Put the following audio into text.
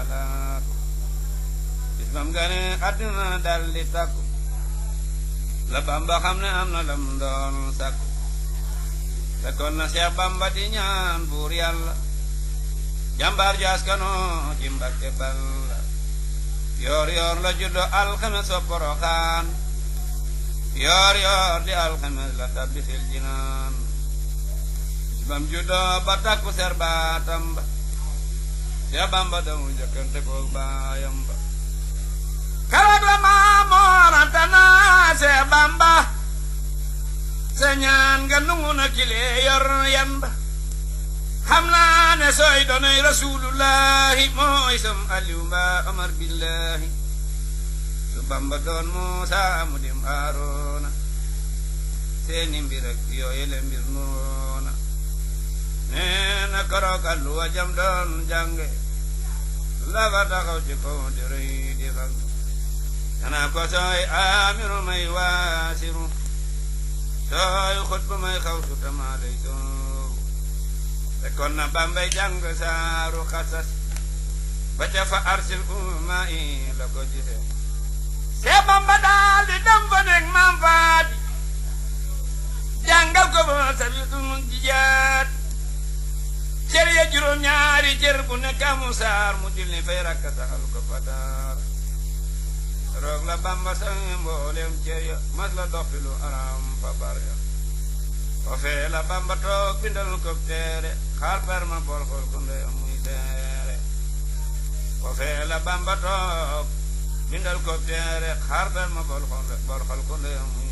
malak islam gane adna dalli taku la bamba xamne am na lam doon sakku te kon na Seex Bamba di ñaan buur yàlla jàmbaar jaaskanoo ci Mbàkke Balla yoor yoor la juddo alxames wa poroxaan yoor yoor di alxames la tabbi fil jinaan bam juddo ba takku ser baatam ya bamba daw njëkkante ko baayam ba keroog la maamoorante naa see bamba se ñaan nga nungu na kilee yor yan ba xam naa ne mooy sam aliw mba amar billahi su bamba doon muusa mu aaroona seeni mbir ak yooyele mbir noona na ko sooy aamiru may waasiru sooy xutba may xaw su tama lay soobu fekkoon na bambay jàng saaru xasas ba ca fa arsil uma i la ko gisee see bamba daal di dem fa nekk maam faati jàngal ko ba sabitum jijaar ya juróom ñaari cër bu nekk amu saar mu julli fay rakk taxal ko fataar roog la bamba sangi mbooleem cër ya mas la dox fi lu araam fa bar ya foofee la bamba toog bindal ko teere xaar bar ma bool xool ko ndey amuy teere foofee la bamba toog bindal ko teere xaar bar ma bool xool ko ndey amuy